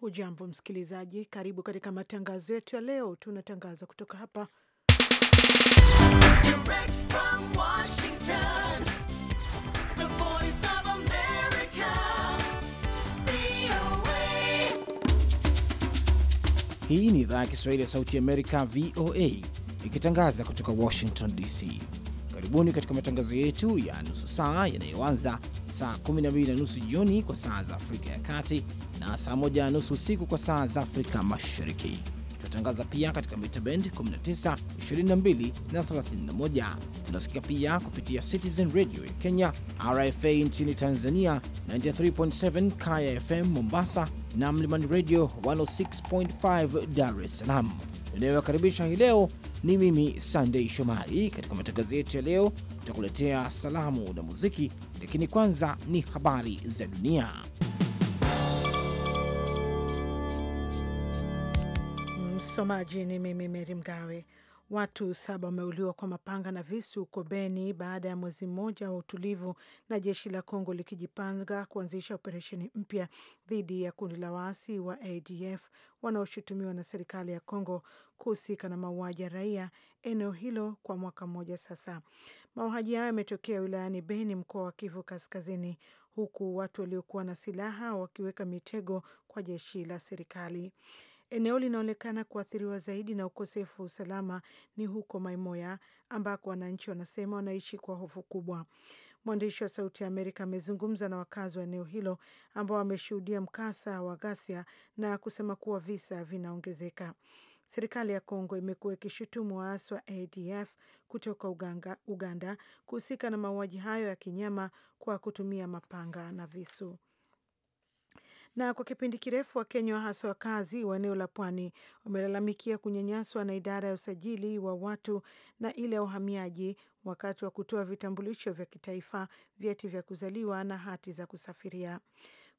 Hujambo msikilizaji, karibu katika matangazo yetu ya leo. Tunatangaza kutoka hapa Direct from Washington, Hii ni idhaa ya Kiswahili ya Sauti ya Amerika, VOA, ikitangaza kutoka Washington DC. Karibuni katika matangazo yetu ya nusu saa yanayoanza saa 12 na nusu jioni kwa saa za Afrika ya Kati na saa 1 na nusu usiku kwa saa za Afrika Mashariki. Tunatangaza pia katika mita bend 19, 22 na 31. Tunasikia pia kupitia Citizen Radio ya Kenya, RFA nchini Tanzania 93.7, Kaya FM Mombasa na Mlimani Radio 106.5 Dar es Salaam inayowakaribisha hii leo ni mimi Sandei Shomari. Katika matangazo yetu ya leo, tutakuletea salamu na muziki, lakini kwanza ni habari za dunia. Msomaji ni mimi Meri Mgawe. Watu saba wameuliwa kwa mapanga na visu huko Beni baada ya mwezi mmoja wa utulivu na jeshi la Kongo likijipanga kuanzisha operesheni mpya dhidi ya kundi la waasi wa ADF wanaoshutumiwa na serikali ya Kongo kuhusika na mauaji ya raia eneo hilo kwa mwaka mmoja sasa. Mauaji hayo yametokea wilayani Beni, mkoa wa Kivu Kaskazini, huku watu waliokuwa na silaha wakiweka mitego kwa jeshi la serikali. Eneo linaonekana kuathiriwa zaidi na ukosefu wa usalama ni huko Maimoya, ambako wananchi wanasema wanaishi kwa hofu kubwa. Mwandishi wa Sauti ya Amerika amezungumza na wakazi wa eneo hilo ambao wameshuhudia mkasa wa ghasia na kusema kuwa visa vinaongezeka. Serikali ya Kongo imekuwa ikishutumu waasi wa ADF kutoka Uganga, Uganda kuhusika na mauaji hayo ya kinyama kwa kutumia mapanga na visu. Na kwa kipindi kirefu Wakenya hasa wakazi wa eneo la pwani wamelalamikia kunyanyaswa na idara ya usajili wa watu na ile ya uhamiaji wakati wa kutoa vitambulisho vya kitaifa, vyeti vya kuzaliwa na hati za kusafiria.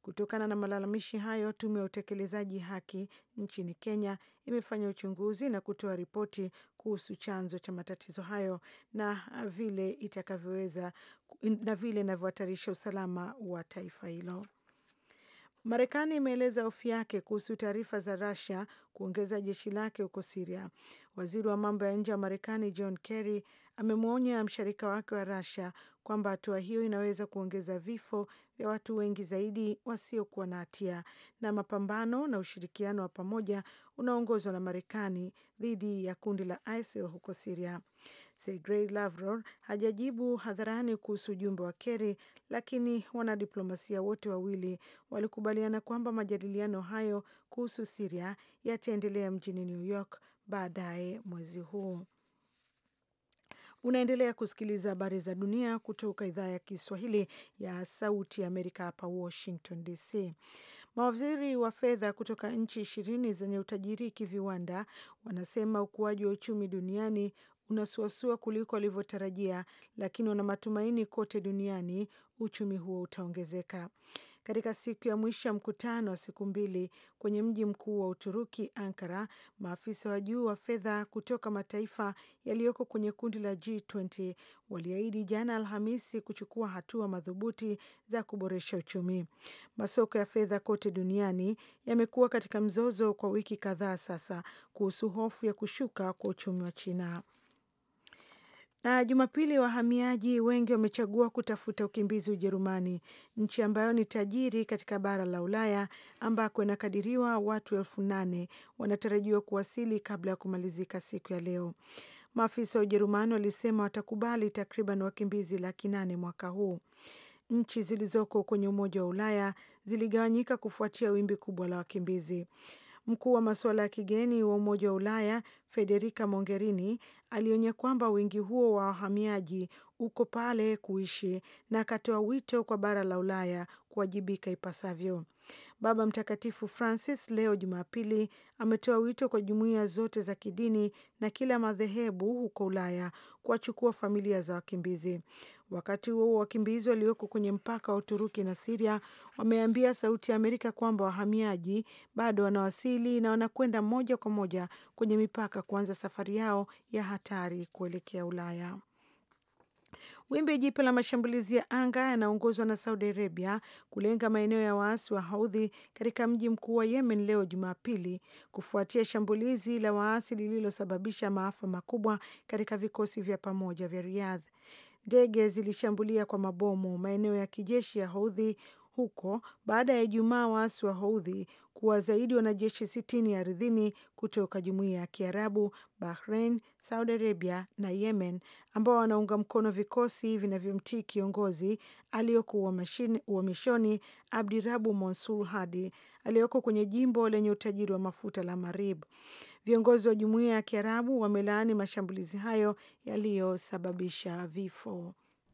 Kutokana na malalamishi hayo, tume ya utekelezaji haki nchini Kenya imefanya uchunguzi na kutoa ripoti kuhusu chanzo cha matatizo hayo na vile itakavyoweza na vile inavyohatarisha usalama wa taifa hilo. Marekani imeeleza hofu yake kuhusu taarifa za rasia kuongeza jeshi lake huko Siria. Waziri wa mambo ya nje wa Marekani John Kerry amemwonya mshirika wake wa rasia kwamba hatua hiyo inaweza kuongeza vifo vya watu wengi zaidi wasiokuwa na hatia na mapambano na ushirikiano wa pamoja unaoongozwa na Marekani dhidi ya kundi la ISIL huko Siria. Sergei Lavrov hajajibu hadharani kuhusu ujumbe wa Kerry, lakini wanadiplomasia wote wawili walikubaliana kwamba majadiliano hayo kuhusu Siria yataendelea mjini New York baadaye mwezi huu. Unaendelea kusikiliza habari za dunia kutoka idhaa ya Kiswahili ya Sauti ya Amerika, hapa Washington DC. Mawaziri wa fedha kutoka nchi ishirini zenye utajiri kiviwanda wanasema ukuaji wa uchumi duniani unasuasua kuliko walivyotarajia, lakini wana matumaini kote duniani uchumi huo utaongezeka. Katika siku ya mwisho ya mkutano wa siku mbili kwenye mji mkuu wa Uturuki, Ankara, maafisa wa juu wa fedha kutoka mataifa yaliyoko kwenye kundi la G20 waliahidi jana Alhamisi kuchukua hatua madhubuti za kuboresha uchumi. Masoko ya fedha kote duniani yamekuwa katika mzozo kwa wiki kadhaa sasa kuhusu hofu ya kushuka kwa uchumi wa China. Na Jumapili, wahamiaji wengi wamechagua kutafuta ukimbizi Ujerumani, nchi ambayo ni tajiri katika bara la Ulaya, ambako inakadiriwa watu elfu nane wanatarajiwa kuwasili kabla ya kumalizika siku ya leo. Maafisa wa Ujerumani walisema watakubali takriban wakimbizi laki nane mwaka huu. Nchi zilizoko kwenye Umoja wa Ulaya ziligawanyika kufuatia wimbi kubwa la wakimbizi. Mkuu wa masuala ya kigeni wa Umoja wa Ulaya Federica mongerini alionya kwamba wingi huo wa wahamiaji uko pale kuishi na akatoa wito kwa bara la Ulaya kuwajibika ipasavyo. Baba Mtakatifu Francis leo Jumapili ametoa wito kwa jumuiya zote za kidini na kila madhehebu huko Ulaya kuwachukua familia za wakimbizi. Wakati huo wakimbizi walioko kwenye mpaka wa Uturuki na Siria wameambia Sauti ya Amerika kwamba wahamiaji bado wanawasili na wanakwenda moja kwa moja kwenye mipaka kuanza safari yao ya hatari kuelekea Ulaya. Wimbi jipya la mashambulizi ya anga yanaongozwa na Saudi Arabia kulenga maeneo ya waasi wa Haudhi katika mji mkuu wa Yemen leo Jumapili, kufuatia shambulizi la waasi lililosababisha maafa makubwa katika vikosi vya pamoja vya Riyadh. Ndege zilishambulia kwa mabomu maeneo ya kijeshi ya Houthi huko baada ya Ijumaa waasi wa Houthi kuwa zaidi wanajeshi sitini ardhini kutoka jumuiya ya Kiarabu, Bahrain, Saudi Arabia na Yemen, ambao wanaunga mkono vikosi vinavyomtii kiongozi aliyoko uhamishoni Abdirabu Mansur Hadi aliyoko kwenye jimbo lenye utajiri wa mafuta la Marib. Viongozi wa jumuiya ya Kiarabu wamelaani mashambulizi hayo yaliyosababisha vifo.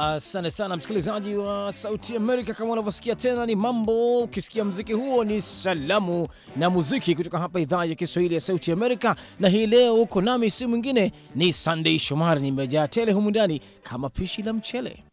Asante uh, sana msikilizaji wa Sauti Amerika. Kama unavyosikia tena, ni mambo ukisikia mziki huo ni salamu na muziki kutoka hapa idhaa ya Kiswahili ya Sauti Amerika, na hii leo uko nami, si mwingine ni Sandei Shomari. Nimejaa tele humu ndani kama pishi la mchele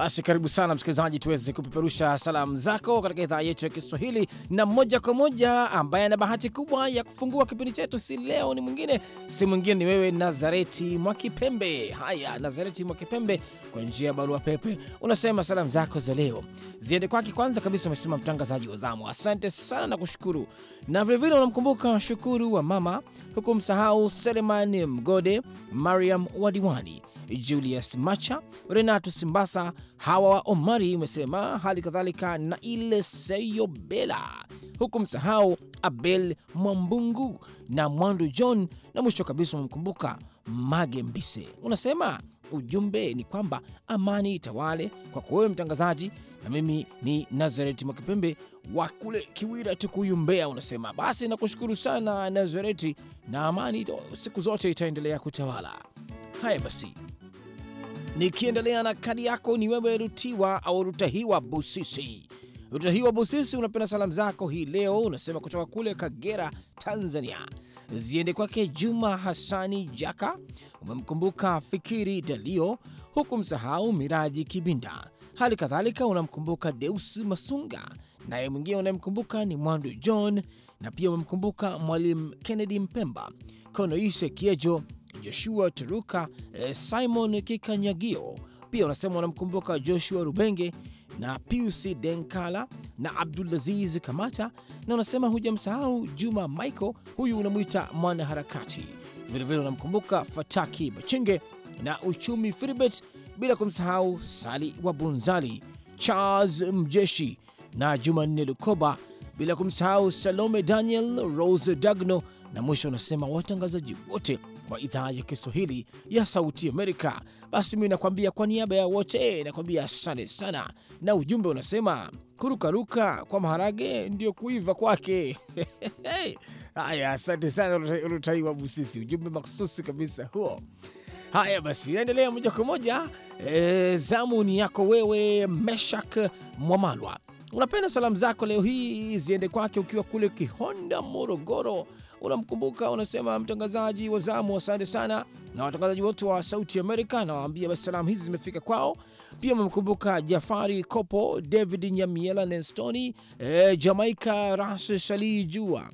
Basi karibu sana msikilizaji, tuweze kupeperusha salamu zako katika idhaa yetu ya Kiswahili. Na moja kwa moja, ambaye ana bahati kubwa ya kufungua kipindi chetu si leo ni mwingine, si mwingine, ni wewe Nazareti Mwakipembe. Haya, Nazareti Mwakipembe, kwa njia ya barua pepe unasema salamu zako za leo ziende kwake. Kwanza kabisa umesema mtangazaji wa zamu, asante sana na kushukuru, na vilevile unamkumbuka Shukuru wa mama, huku msahau Selemani Mgode, Mariam Wadiwani Julius Macha, Renatu Simbasa, Hawa wa Omari umesema hali kadhalika na Ile Seyobela, huku msahau Abel Mwambungu na Mwandu John, na mwisho kabisa umemkumbuka Mage Mbise. Unasema ujumbe ni kwamba amani itawale kwako wewe mtangazaji, na mimi ni Nazareti Mwakipembe wa kule Kiwira, Tukuyu, Mbeya. Unasema basi nakushukuru sana Nazareti, na amani siku zote itaendelea kutawala. Haya basi, nikiendelea na kadi yako ni wewe Rutiwa au Rutahiwa Busisi. Rutahiwa Busisi, unapenda salamu zako hii leo unasema kutoka kule Kagera, Tanzania, ziende kwake Juma Hasani Jaka. Umemkumbuka Fikiri Dalio, huku msahau Miraji Kibinda, hali kadhalika unamkumbuka Deus Masunga, naye mwingine unayemkumbuka ni Mwandu John, na pia umemkumbuka Mwalimu Kennedy Mpemba, Konoise Kiejo Joshua Turuka, eh, Simon Kikanyagio. Pia unasema wanamkumbuka Joshua Rubenge na Piusi Denkala na Abdulaziz Kamata, na unasema hujamsahau Juma Michael, huyu unamwita mwanaharakati. Vilevile unamkumbuka Fataki Bachenge na Uchumi Firibet, bila kumsahau Sali wa Bunzali, Charles Mjeshi na Jumanne Lukoba, bila kumsahau Salome Daniel, Rose Dagno, na mwisho unasema watangazaji wote wa idhaa ya Kiswahili ya Sauti Amerika. Basi mimi nakwambia kwa niaba ya wote nakwambia asante sana, na ujumbe unasema kurukaruka kwa maharage ndio kuiva kwake. Haya, asante sana Lutaiwa Busisi, ujumbe makhususi kabisa huo. Haya basi, naendelea moja kwa moja. E, zamu ni yako wewe, Meshak Mwamalwa. Unapenda salamu zako leo hii ziende kwake ukiwa kule Kihonda, Morogoro, unamkumbuka, unasema mtangazaji wa zamu, asante sana, na watangazaji wote wa Sauti Amerika nawaambia basi salamu hizi zimefika kwao. Pia amemkumbuka Jafari Kopo, David Nyamiela, Nenstoni e, eh, Jamaika Ras Shali, Jua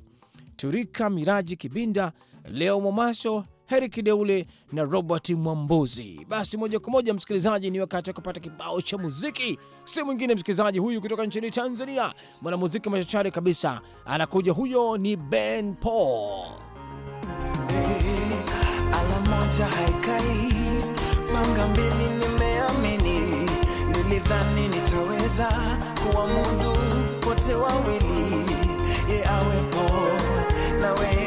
Turika, Miraji Kibinda, Leo Momaso, Heri Kideule na Robert Mwambozi. Basi moja kwa moja, msikilizaji, ni wakati wa kupata kibao cha muziki, si mwingine msikilizaji huyu kutoka nchini Tanzania, mwanamuziki machachari kabisa, anakuja huyo, ni Ben Paul. Hey, ala moja haikai manga mbili, nimeamini nilidhani nitaweza kuwamudu wote wawili, ye awepo nawe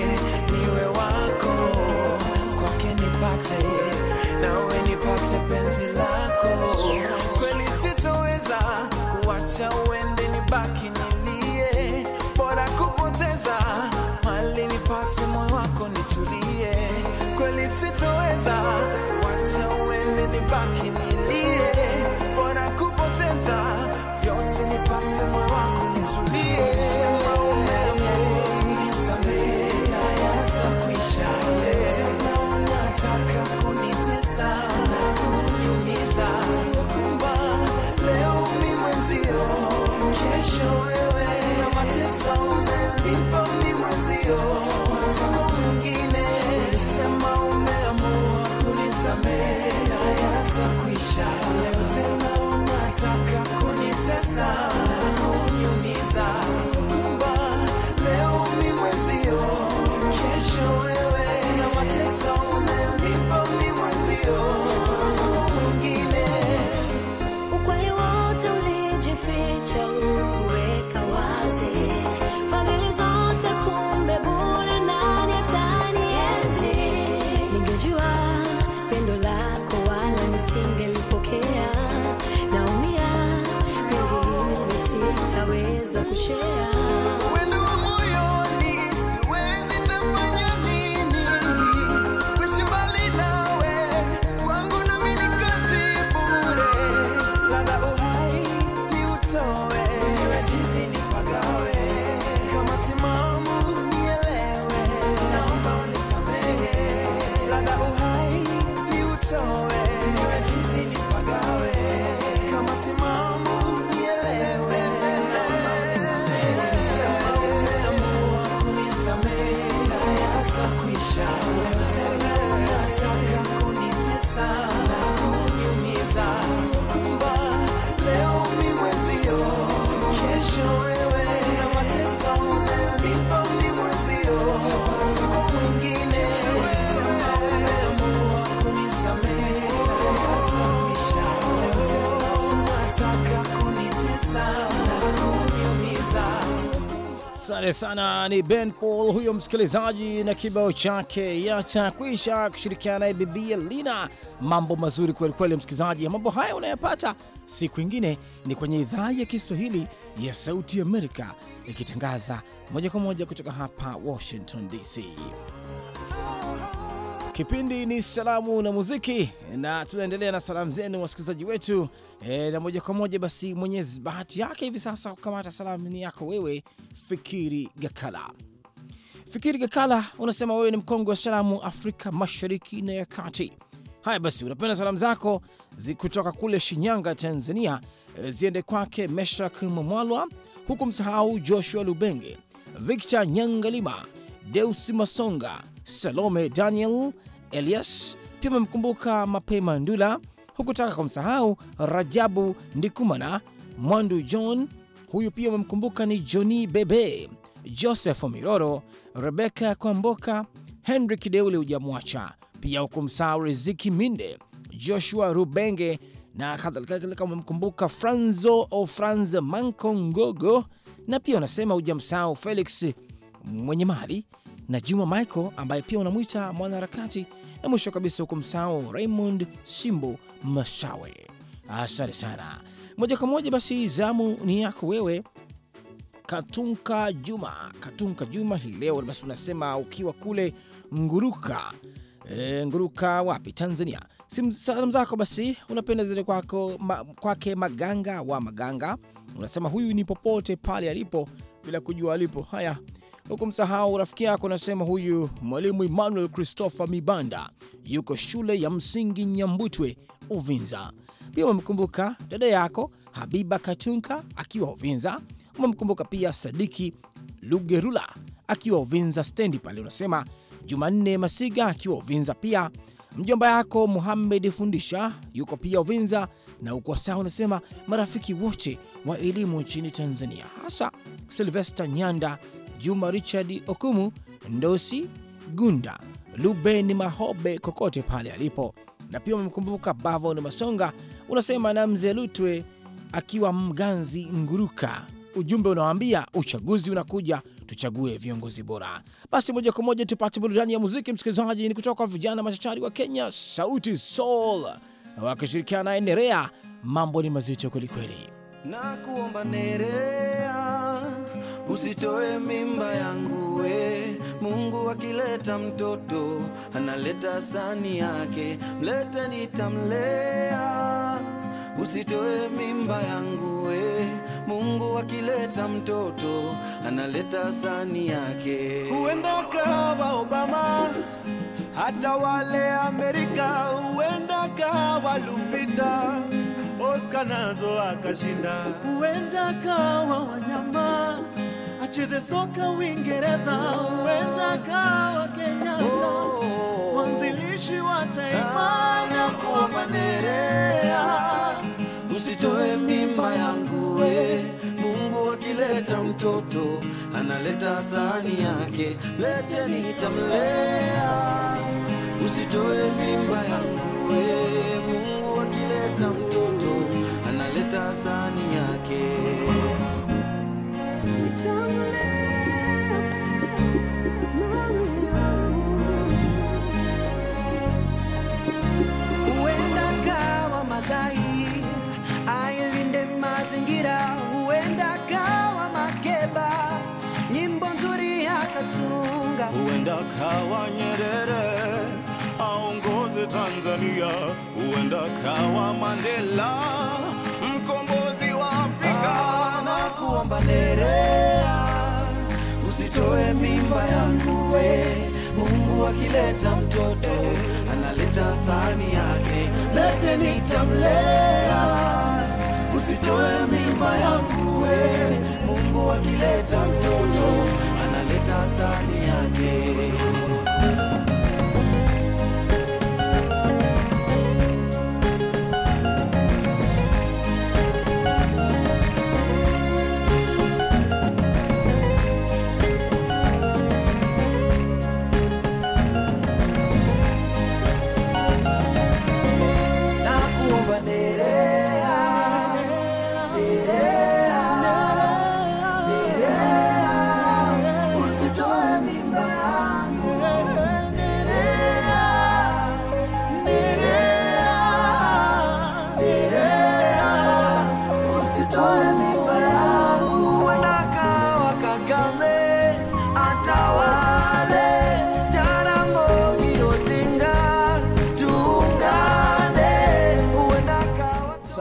penzi lako, kweli sitoweza kuwacha uende, nibaki nilie, bora kupoteza frente ao Ekawaze. Asante sana, ni Ben Paul huyo msikilizaji na kibao chake kuisha kushirikiana naye bibi Lina. Mambo mazuri kwelikweli, msikilizaji, ya mambo haya unayapata siku ingine, ni kwenye idhaa ya Kiswahili ya Sauti ya Amerika, ikitangaza moja kwa moja kutoka hapa Washington DC. Kipindi ni salamu na muziki, na tunaendelea na salamu zenu wasikilizaji wetu e, na moja kwa moja basi, mwenyezi bahati yake hivi sasa kukamata salamu ni yako wewe, Fikiri Gakala. Fikiri Gakala, unasema wewe ni mkongwe wa salamu Afrika Mashariki na ya Kati. Haya basi, unapenda salamu zako kutoka kule Shinyanga, Tanzania, e, ziende kwake Meshak Mamwalwa, huku msahau Joshua Lubenge, Victor Nyangalima, Deusi Masonga, Salome Daniel Elias, pia amemkumbuka Mapema Ndula, hukutaka kumsahau Rajabu Ndikumana, Mwandu John, huyu pia amemkumbuka ni Johnny Bebe, Joseph Miroro, Rebeka Kwamboka, Henry Kideule hujamwacha, pia hukumsahau Riziki Minde, Joshua Rubenge na kadhalika. Umemkumbuka Franzo Franz Mankongogo, na pia unasema hujamsahau Felix mwenye mali na Juma Michael ambaye pia unamwita mwanaharakati na mwisho kabisa msao Raymond Simbo Masawe. Asante sana. Moja kwa moja basi, zamu ni yako wewe Katunka Juma. Katunka Juma hii leo basi unasema ukiwa kule Nguruka, e, Nguruka wapi Tanzania. Salamu zako basi unapenda zile kwako kwake Maganga wa Maganga, unasema huyu ni popote pale alipo bila kujua alipo. Haya, huku msahau rafiki yako, anasema huyu mwalimu Emmanuel Christopher Mibanda yuko shule ya msingi Nyambutwe Uvinza. Pia umemkumbuka dada yako Habiba Katunka akiwa Uvinza. Umemkumbuka pia Sadiki Lugerula akiwa Uvinza stendi pale, unasema Jumanne Masiga akiwa Uvinza pia mjomba yako Muhamed Fundisha yuko pia Uvinza na uko sawa unasema marafiki wote wa elimu nchini Tanzania, hasa Silvester Nyanda Juma Richard Okumu, Ndosi Gunda, Lubeni Mahobe kokote pale alipo, na pia bavo Bavon Masonga, unasema na mzee Lutwe akiwa Mganzi Nguruka. Ujumbe unawaambia uchaguzi unakuja, tuchague viongozi bora. Basi moja kwa moja tupate burudani ya muziki, msikilizaji. Ni kutoka kwa vijana machachari wa Kenya, Sauti Sol wakishirikiana na Nerea. Mambo ni mazito kwelikweli, na kuomba Nerea usitoe mimba yangu we. Mungu akileta mtoto analeta sani yake, mlete nitamlea. Usitoe mimba yangu we. Mungu akileta mtoto analeta sani yake. Huenda kawa Obama hata wale Amerika, huenda kawa Lupita Oscar nazo akashinda, huenda kawa wanyama Acheze soka Uingereza, huenda kawa Kenyatta, oh, oh, oh. mwanzilishi wa taifa na kuwa maderea. Usitoe mimba yangu we Mungu, akileta mtoto analeta sahani yake, leteni tamlea. Usitoe mimba yangu we Mungu, akileta mtoto analeta sahani yake sahihi ailinde mazingira, huenda kawa Makeba, nyimbo nzuri akatunga, huenda kawa Nyerere aongoze Tanzania, huenda kawa Mandela mkombozi wa Afrika. Na kuomba Nerea, usitoe mimba yangu we Mungu akileta mtoto yote nitamlea, usitoe mimba yangu we. Mungu akileta mtoto analeta asali yake.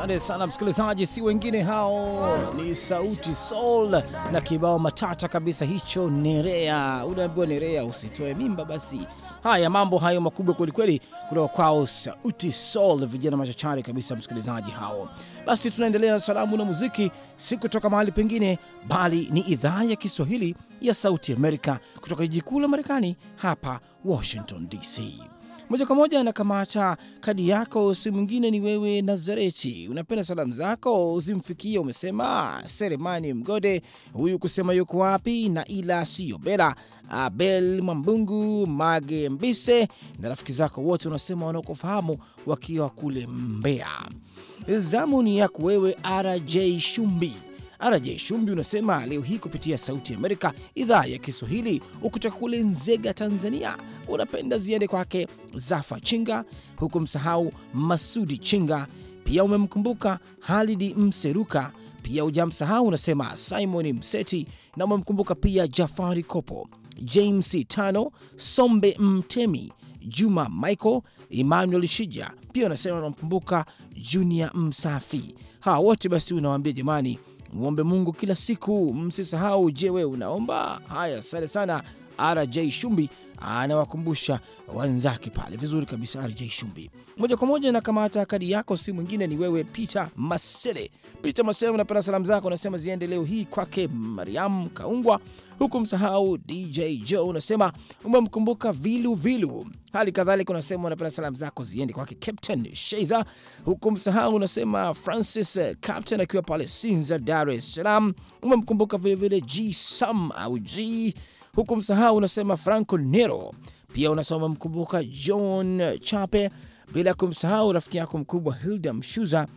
Asante sana msikilizaji, si wengine hao ni Sauti Sol na kibao matata kabisa hicho, Nerea. Unaambiwa Nerea usitoe mimba. Basi haya mambo hayo makubwa kwelikweli kutoka kwao Sauti Sol, vijana machachari kabisa, msikilizaji hao. Basi tunaendelea na salamu na muziki, si kutoka mahali pengine, bali ni idhaa ya Kiswahili ya Sauti Amerika kutoka jiji kuu la Marekani hapa Washington DC moja kwa moja na kamata kadi yako, si mwingine ni wewe Nazareti. Unapenda salamu zako zimfikie, umesema Seremani Mgode, huyu kusema yuko wapi, na ila siyo Bela Abel Mwambungu Mage Mbise na rafiki zako wote, unasema wanaokufahamu wakiwa kule Mbeya. Zamu ni yako wewe RJ Shumbi RJ Shumbi unasema leo hii kupitia Sauti Amerika idhaa ya Kiswahili, ukutoka kule Nzega, Tanzania, unapenda ziende kwake Zafa Chinga, huku msahau Masudi Chinga, pia umemkumbuka Halidi Mseruka, pia msahau unasema Simon Mseti, na umemkumbuka pia Jafari Kopo, James Tano, Sombe Mtemi, Juma Michael, Emmanuel Shija, pia unasema unamkumbuka Junior Msafi. Hawa wote basi unawaambia jamani Mwombe Mungu kila siku, msisahau. Je, wewe unaomba? Haya, asante sana RJ Shumbi anawakumbusha wenzake pale vizuri kabisa. RJ Shumbi moja kwa moja na kamata kadi yako, si mwingine ni wewe Peter Masele. Peter Masele, unapenda salamu zako unasema ziende leo hii kwake Mariam Kaungwa, huku msahau DJ Joe, unasema umemkumbuka vilu vilu. Hali kadhalika unasema unapenda salamu zako ziende kwake Captain Sheiza, huku msahau unasema Francis eh, Captain akiwa pale Sinza, Dar es Salaam, umemkumbuka vilevile G Sam au G huku msahau unasema Franco Nero, pia unasoma mkumbuka John Chape, bila kumsahau rafiki yako mkubwa Hilda Mshuza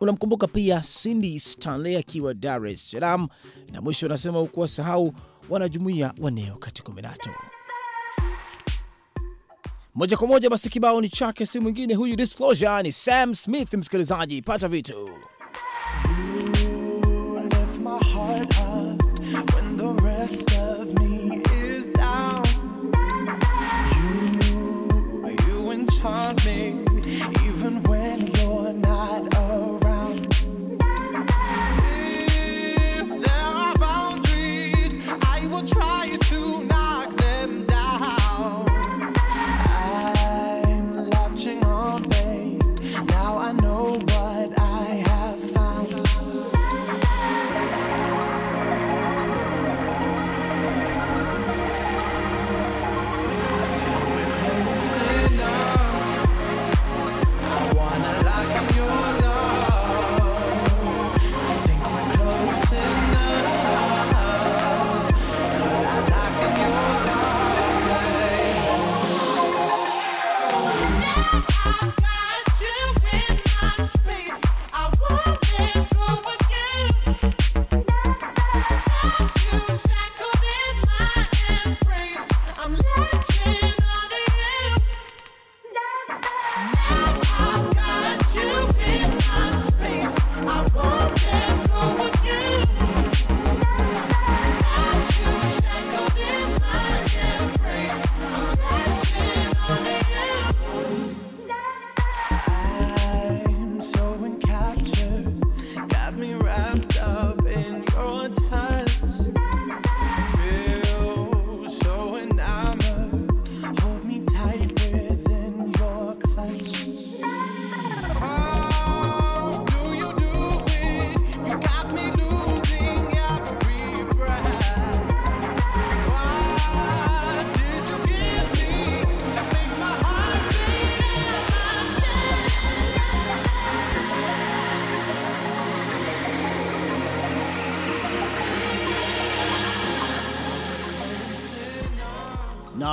unamkumbuka pia Cindy Stanley akiwa Dar es Salaam, na mwisho unasema ukuwa sahau wanajumuia waneo kati kuminato moja kwa moja. Basi kibao ni chake, si mwingine huyu Disclosure ni Sam Smith. Msikilizaji, pata vitu You left my heart when the rest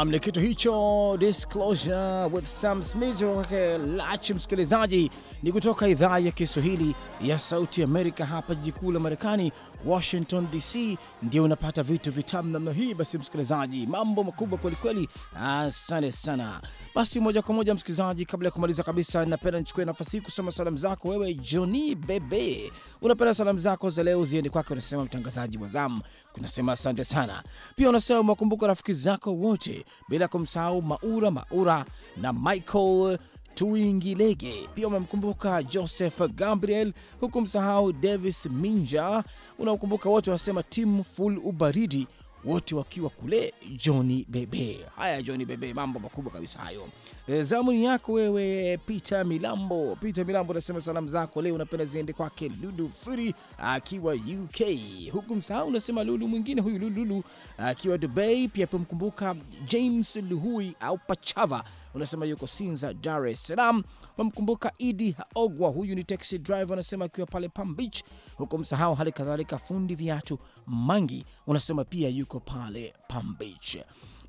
Naam, ni kitu hicho Disclosure with Sam Smith, okay, Lach msikilizaji, ni kutoka idhaa ya Kiswahili ya Sauti Amerika hapa jiji kuu la Marekani, Washington DC. Ndio unapata vitu vitamu namna hii. Basi msikilizaji, mambo makubwa kwelikweli. Asante sana. Basi moja kwa moja msikilizaji, kabla ya kumaliza kabisa, napenda nichukue nafasi hii kusoma salamu zako. Wewe joni Bebe, unapenda salamu zako za leo ziende kwake, unasema mtangazaji wa zamu, unasema asante sana. Pia unasema umewakumbuka rafiki zako wote bila kumsahau Maura Maura na Michael Tuingilege. Pia umemkumbuka Joseph Gabriel, huku msahau Davis Minja, unaokumbuka wote wanasema timu full ubaridi wote wakiwa kule Johnny Bebe. Haya, Johnny Bebe, mambo makubwa kabisa hayo. E, Zamuni yako wewe, Peter Milambo. Peter Milambo unasema salamu zako leo unapenda ziende kwake Lulu Furi akiwa UK, huku msahau unasema Lulu mwingine huyu Lululu akiwa Dubai. Pia pamkumbuka James Luhui au Pachava unasema yuko Sinza, Dar es Salaam. Wamkumbuka Idi Haogwa, huyu ni taxi driver, anasema akiwa pale Palm Beach, huku msahau hali kadhalika fundi viatu Mangi, unasema pia yuko pale Palm Beach.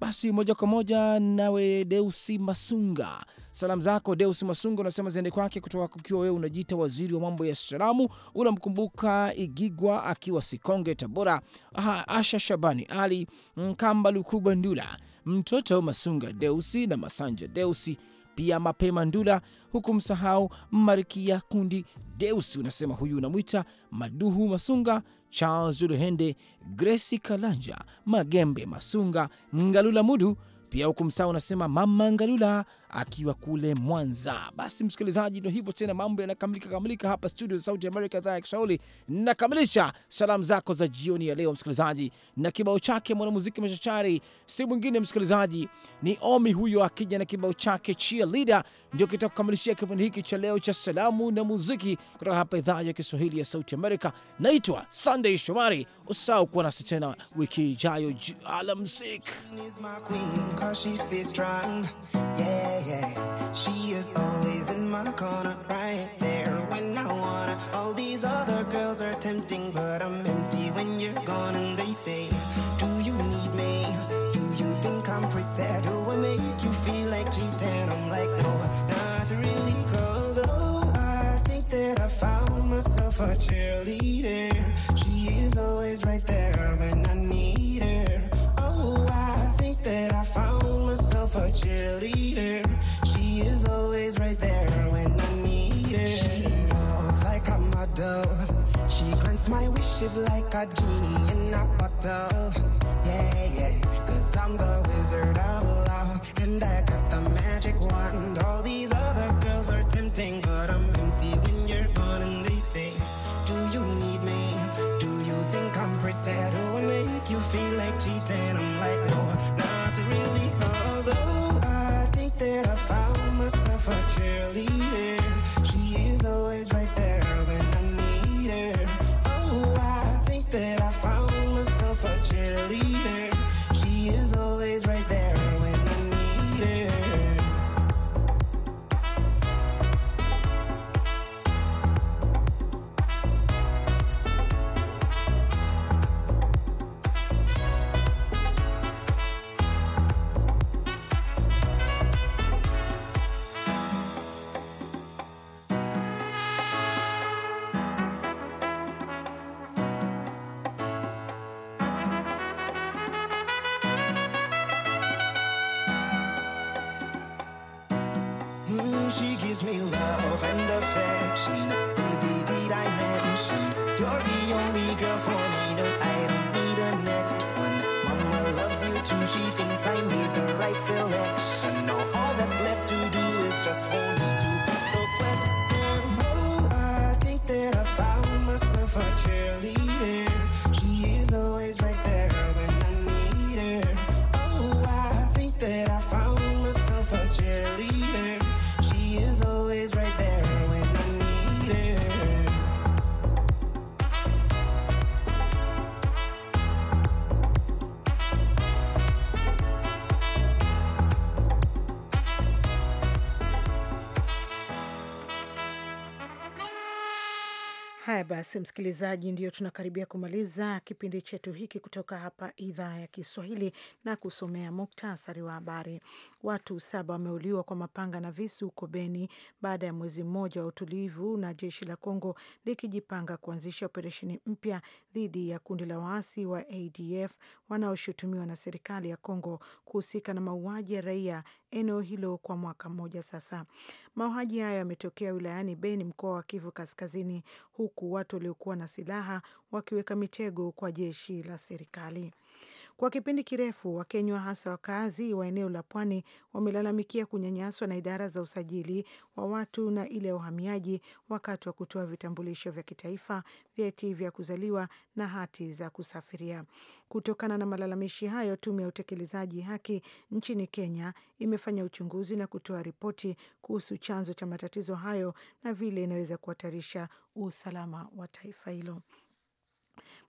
Basi moja kwa moja nawe Deusi Masunga, salamu zako Deusi Masunga unasema ziende kwake kutoka kukiwa wewe unajiita waziri wa mambo ya salamu. Unamkumbuka Igigwa akiwa Sikonge, Tabora, Aha, Asha Shabani Ali Mkamba Lukuba Ndula mtoto Masunga Deusi na Masanja Deusi pia mapema Ndula, huku msahau Marikia Kundi Deusi. Unasema huyu unamwita Maduhu Masunga Charles uluhende Grace Kalanja, Magembe Masunga, Ngalula Mudu pia huku msaa unasema mama Ngalula akiwa kule Mwanza. Basi msikilizaji, ndo hivyo tena, mambo yanakamilika kamilika hapa studio za Sauti Amerika, idhaa ya Kiswahili. Nakamilisha salamu zako za jioni ya leo msikilizaji, na kibao chake mwanamuziki machachari, si mwingine msikilizaji, ni Omi huyo, akija na kibao chake cheerleader, ndio kitakukamilishia kipindi hiki cha leo cha salamu na muziki kutoka hapa idhaa ya Kiswahili ya Sauti Amerika. Naitwa Sunday Shomari, usahau kuwa nasi tena wiki ijayo. Alamsik. cause she stays strong. Yeah, yeah. She is always in my corner, right there when I wanna. All these other girls are tempting, but I'm empty when you're gone. And they say, Do you need me? Do you think I'm pretend? Do I make you feel like cheating? I'm like, No, not really, cause oh, I think that I found myself a cheerleader. She is always right there when I need cheerleader. She is always right there when I need her. She walks like a model. She grants my wishes like a genie in a bottle. Yeah, yeah, cause I'm the wizard of love. And I got the magic wand. All these other girls are tempting, but I'm me love and affection. Baby, did I mention you're the only girl for me? No, I don't need a next one. Mama loves you too. She thinks I made the right selection. Now all that's left to do is just for me to be the question. No, oh, I think that I found myself a chance. Haya basi, msikilizaji, ndio tunakaribia kumaliza kipindi chetu hiki kutoka hapa idhaa ya Kiswahili na kusomea muktasari wa habari. Watu saba wameuliwa kwa mapanga na visu huko Beni baada ya mwezi mmoja wa utulivu na jeshi la Kongo likijipanga kuanzisha operesheni mpya dhidi ya kundi la waasi wa ADF wanaoshutumiwa na serikali ya Kongo kuhusika na mauaji ya raia eneo hilo kwa mwaka mmoja sasa. Mauaji hayo yametokea wilayani Beni, mkoa wa Kivu Kaskazini, huku watu waliokuwa na silaha wakiweka mitego kwa jeshi la serikali. Kwa kipindi kirefu, Wakenya hasa wakazi wa eneo la pwani wamelalamikia kunyanyaswa na idara za usajili wa watu na ile ya uhamiaji wakati wa kutoa vitambulisho vya kitaifa, vyeti vya kuzaliwa na hati za kusafiria. Kutokana na malalamishi hayo, tume ya utekelezaji haki nchini Kenya imefanya uchunguzi na kutoa ripoti kuhusu chanzo cha matatizo hayo na vile inaweza kuhatarisha usalama wa taifa hilo.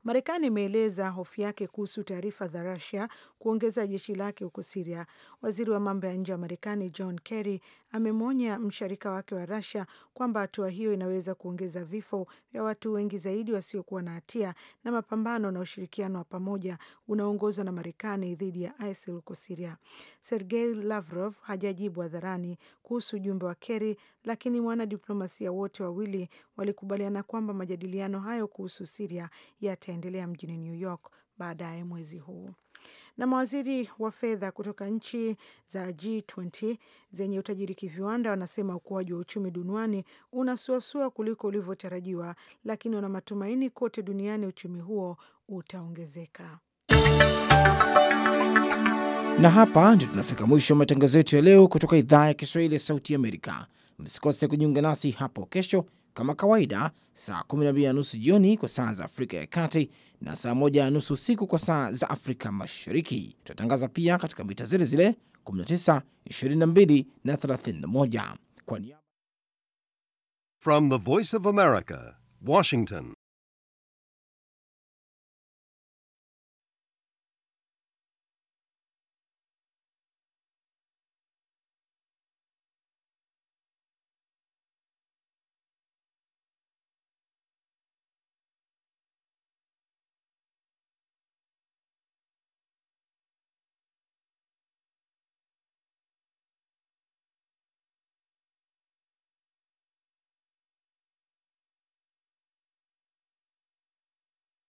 Marekani imeeleza hofu yake kuhusu taarifa za Rusia kuongeza jeshi lake huko Siria. Waziri wa mambo ya nje wa Marekani John Kerry amemwonya mshirika wake wa rasia kwamba hatua hiyo inaweza kuongeza vifo vya watu wengi zaidi wasiokuwa na hatia na mapambano na ushirikiano wa pamoja unaoongozwa na Marekani dhidi ya ISIL huko Siria. Sergei Lavrov hajajibu hadharani kuhusu ujumbe wa keri lakini mwanadiplomasia wote wawili walikubaliana kwamba majadiliano hayo kuhusu Siria yataendelea mjini New York baadaye mwezi huu na mawaziri wa fedha kutoka nchi za G20 zenye utajiri kiviwanda wanasema ukuaji wa uchumi duniani unasuasua kuliko ulivyotarajiwa, lakini wana matumaini kote duniani uchumi huo utaongezeka. Na hapa ndio tunafika mwisho wa matangazo yetu ya leo kutoka idhaa ya Kiswahili ya Sauti Amerika. Msikose kujiunga nasi hapo kesho kama kawaida saa 12:30 jioni kwa saa za Afrika ya Kati na saa 1:30 usiku kwa saa za Afrika Mashariki. Tutatangaza pia katika mita zile zile 19, 22 na 31. Kwa niaba From the Voice of America, Washington.